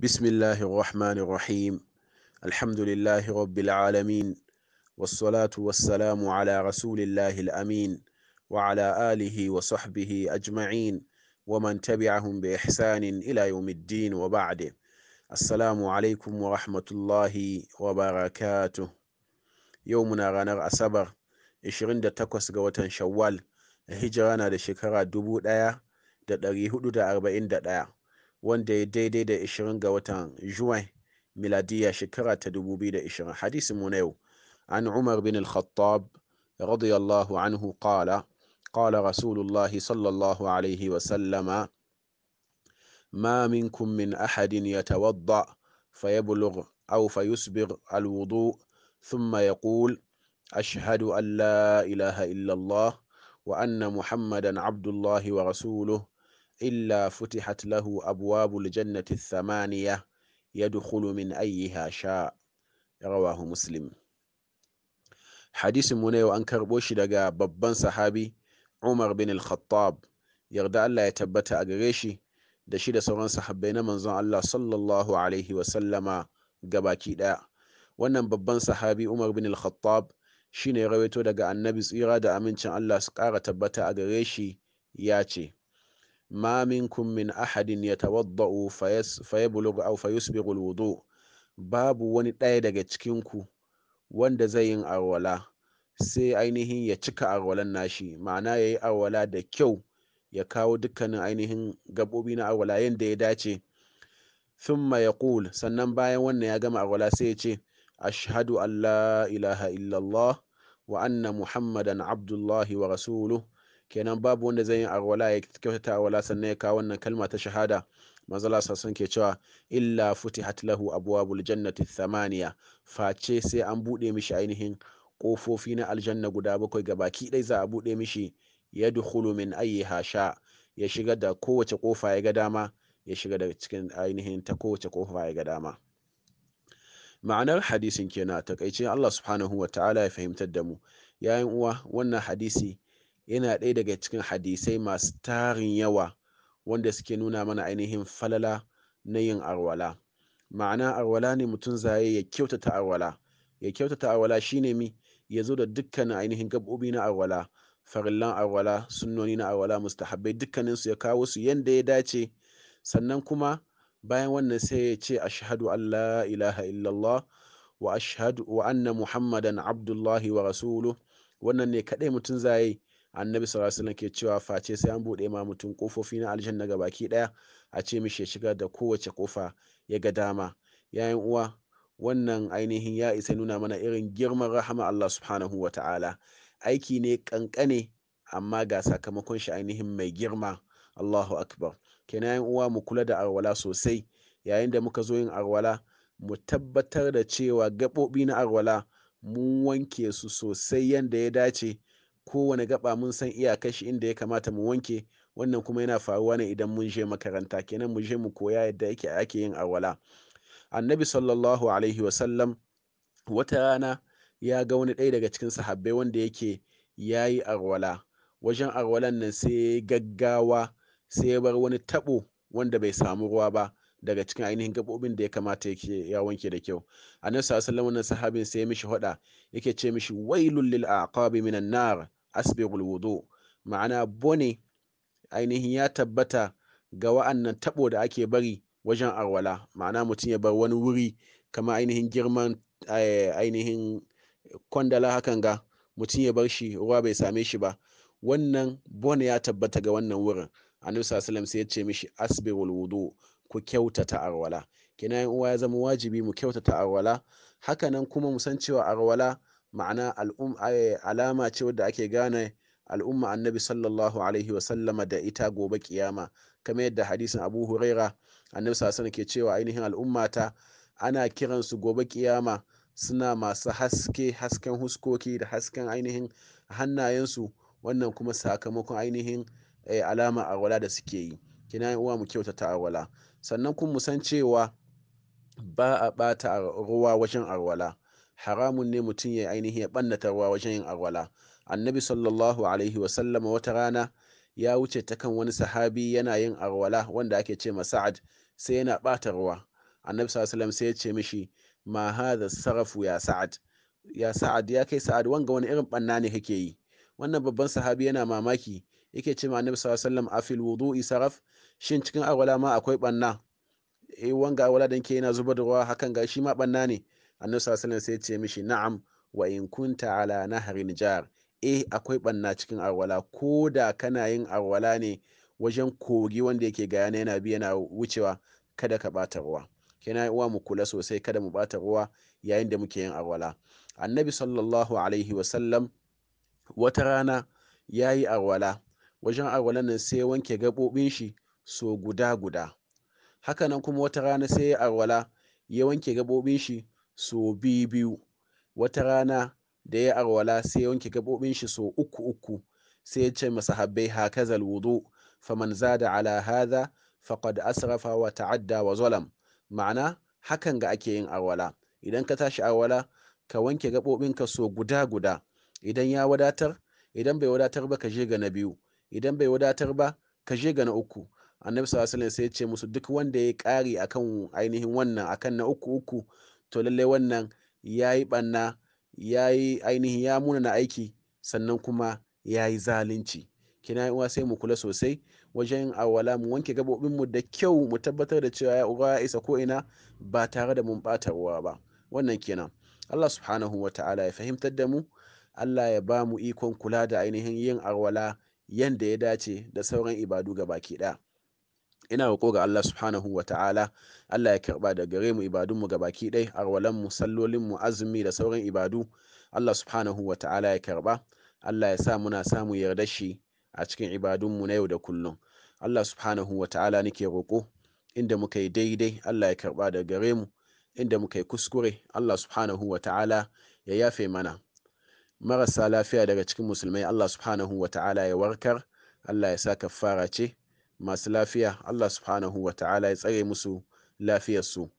بسم الله الرحمن الرحيم الحمد لله رب العالمين والصلاة والسلام على رسول الله الأمين وعلى آله وصحبه أجمعين ومن تبعهم بإحسان إلى يوم الدين وبعد السلام عليكم ورحمة الله وبركاته يومنا غنر أسبر 28 ga دا دا hijira دا أربعين دا 1441 wanda ya daidai da 20 ga watan juin miladiya shekara ta 2020 hadisi mu na yau an umar bin al-khattab radiyallahu anhu qala qala rasulullahi sallallahu alayhi wa sallama ما منكم من أحد يتوضأ فيبلغ أو فيسبغ الوضوء ثم يقول أشهد أن لا إله إلا الله وأن محمدا عبد الله ورسوله illa futihat lahu abwabul jannati thamaniya yadkhulu min ayyiha sha rawahu muslim hadisin mu na yau an karbo shi daga babban sahabi umar bin al-khattab yarda Allah ya tabbata a gare shi da shi da sauran sahabbai na manzon Allah sallallahu alaihi wa sallama gabaki daya wannan babban sahabi umar bin al-khattab shine rawaito daga annabi tsira da amincin Allah su kara tabbata a gare shi ya ce ma minkum min ahadin yatawadda'u fayablughu aw fayusbighu alwudu babu wani ɗaya daga cikin ku wanda zai yi arwala sai ainihin ya cika arwalan nashi ma'ana yayi arwala da kyau ya kawo dukkanin ainihin gabobi na arwala yadda ya dace ya yaqul sannan bayan wannan ya gama arwala sai ya ce ashhadu an ilaha illallah wa anna muhammadan abdullahi wa rasuluhu kenan babu wanda zai yi arwala ya kyautata arwala sannan ya kawo wannan kalma ta shahada manzala sassan ke cewa illa futihat lahu abwabul jannati samaniya face sai an bude mishi ainihin kofofi na aljanna guda bakwai ga baki dai za a bude mishi ya duhulu min ayi sha ya shiga da kowace kofa ya ga dama ya shiga da cikin ainihin ta kowace kofa ya ga dama ma'anar hadisin kenan takaice Allah subhanahu wa ta'ala ya fahimtar da mu yayin uwa wannan hadisi yana ɗaya daga cikin hadisai masu tarin yawa wanda suke nuna mana ainihin falala na yin arwala ma'ana arwala ne mutum zaye ya kyautata arwala ya kyautata arwala shine mi ya zo da dukkanin ainihin gabobi na arwala farillan arwala sunnoni na arwala mustahabbai dukkanin su ya kawo su yanda ya dace sannan kuma bayan wannan sai ya ce ashhadu an la ilaha illallah wa ashhadu wa anna muhammadan abdullahi wa rasuluh wannan ne kaɗai mutum zaye annabi sallallahu alaihi ke cewa face sai an bude ma mutum kofofi na aljanna ga baki daya a ce mishi ya shiga da kowace kofa ya ga dama yayin uwa wannan ainihin ya isa nuna mana irin girman rahama Allah subhanahu wa ta'ala aiki ne kankane amma ga sakamakon shi ainihin mai girma Allahu akbar kenan yan uwa mu kula da arwala sosai yayin da muka zo yin arwala mu tabbatar da cewa gaɓoɓi na arwala mun wanke su sosai yadda ya dace kowane gaba mun san iya shi inda ya kamata mu wanke wannan kuma yana faruwa ne idan mun je makaranta kenan mu je mu koya yadda yake ake yin awala annabi sallallahu alaihi sallam wata rana ya ga wani ɗaya daga cikin sahabbai wanda yake yayi yi arwala wajen arwalan nan sai gaggawa sai ya bar wani taɓo wanda bai samu ruwa ba daga cikin ainihin gabobin da ya kamata ya wanke da kyau annabi sallallahu alaihi sallam wannan sahabin sai ya mishi hoda yake ce mishi wailul lil aqabi minan nar asbighul wudu ma'ana bone ainihin ya tabbata ga wa'annan tabo da ake bari wajen arwala ma'ana mutum ya bar wani wuri kama ainihin girman eh, ainihin kwandala hakan ga mutum ya bar shi ruwa bai same shi ba wannan bone ya tabbata ga wannan wurin annabi sallallahu sai ya ce mishi asbirul wudu ku kyautata arwala kina yan uwa ya zama wajibi mu kyautata arwala hakanan kuma mu san cewa arwala ma'ana alama ce wadda ake gane al'umma annabi sallallahu alaihi wasallama da ita gobe kiyama kamar yadda hadisin abu huraira annabi sassan ke cewa ainihin al'ummata ana kiransu gobe kiyama suna masu haske hasken huskoki da hasken ainihin hannayensu wannan kuma sakamakon ainihin eh, alama arwala da suke yi kina uwa mu kyautata arwala sannan kun musan cewa ba a bata ruwa wajen arwala haramun ne mutum ya ainihi ya banna ruwa wajen yin arwala annabi sallallahu alaihi wasallama wata rana ya wuce ta kan wani sahabi yana yin arwala wanda ake ce ma sa'ad sai yana ɓata ruwa annabi sallallahu sai ya ce mishi ma hadha sarafu ya sa'ad ya sa'ad ya kai sa'ad wanga wani irin banna ne kake yi wannan babban sahabi yana mamaki yake ce ma annabi sallallahu alaihi wasallam afil wudu'i saraf shin cikin arwala ma akwai banna? eh wanga arwala dan ke yana zubar da ruwa hakan ga shi ma banna ne annabi sallallahu sai ce mishi na'am wa in kunta ala nahri jar eh akwai banna cikin arwala ko da kana yin arwala ne wajen kogi wanda yake gaya yana bi na wucewa kada ka bata ruwa kina uwa mu kula sosai kada mu bata ruwa yayin da muke yin arwala annabi sallallahu alaihi sallam wata rana yayi arwala wajen arwalan nan sai wanke gabobin shi so guda guda hakanan kuma wata rana sai ya arwala ya wanke gabobin shi so biyu biyu wata rana da ya arwala sai wanke gaɓoɓin shi so uku uku sai ya ce masahabbai fa alwudu faman zada ala hadha faqad asrafa wa ta'adda wa zalam ma'ana hakan ga ake yin arwala idan ka tashi arwala ka wanke ka so guda guda idan ya wadatar idan bai wadatar ba ka je ga na biyu idan bai wadatar ba ka je ga na uku annabi sallallahu alaihi sai ya ce musu duk wanda ya kari akan ainihin wannan akan na uku uku to lallai wannan ya yi ɓanna ya yi ainihi ya muna na aiki sannan kuma ya yi zalunci kina yi sai mu kula sosai wajen awala mu wanke mu da kyau mu tabbatar da cewa ya uwa ya isa ko ina ba tare da mun ɓata ruwa ba wannan kenan Allah subhanahu wa ta'ala ya fahimtar da mu Allah ya ba mu ikon kula da ainihin yin awala yanda ya dace da sauran ibadu ga baki ɗaya ina roƙo ga Allah subhanahu wa ta'ala Allah ya karba da gare mu ibadun ga baki ɗai arwalan mu sallolin mu azumi da sauran ibadu Allah subhanahu wa ta'ala ya karba Allah ya sa muna samu yarda shi a cikin ibadun mu na yau da kullum Allah subhanahu wa ta'ala nake roƙo inda muka yi daidai Allah ya karba da gare mu inda muka yi kuskure Allah subhanahu wa ta'ala ya yafe mana marasa lafiya daga cikin musulmai Allah subhanahu wa ta'ala ya warkar Allah ya sa kafara ce masu lafiya Allah subhanahu wa ta'ala ya tsare musu lafiyarsu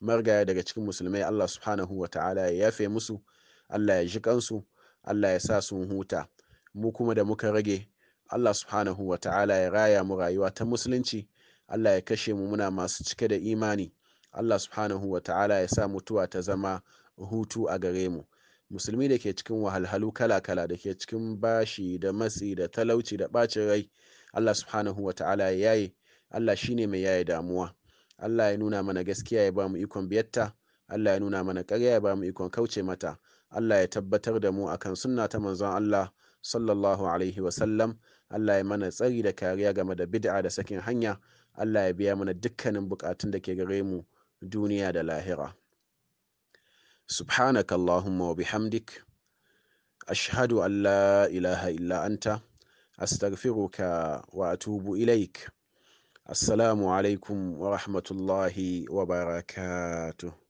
margaya daga cikin musulmai Allah subhanahu wa ta'ala ya yafe musu Allah ya ji kansu Allah ya sa sun huta mu kuma da muka rage Allah subhanahu wa ta'ala ya raya mu rayuwa ta musulunci Allah ya kashe mu muna masu cike da imani Allah subhanahu wa ta'ala ya sa mutuwa ta zama hutu a gare mu musulmi da ke cikin wahalhalu kala-kala da ke cikin bashi da matsi da talauci da ɓacin rai Allah subhanahu wa ta'ala ya yaye Allah shi ne mai yaye damuwa Allah ya nuna mana gaskiya ya ba mu ikon biyatta Allah ya nuna mana ƙarya ya ba mu ikon kauce mata Allah ya tabbatar da mu akan sunna ta manzon Allah sallallahu alaihi wa sallam Allah ya mana tsari da kariya game da bid'a da sakin hanya Allah ya biya mana dukkanin bukatun da ke gare mu duniya da lahira subhanakallahumma wa bihamdik ashhadu an la ilaha illa anta أستغفرك وأتوب إليك السلام عليكم ورحمة الله وبركاته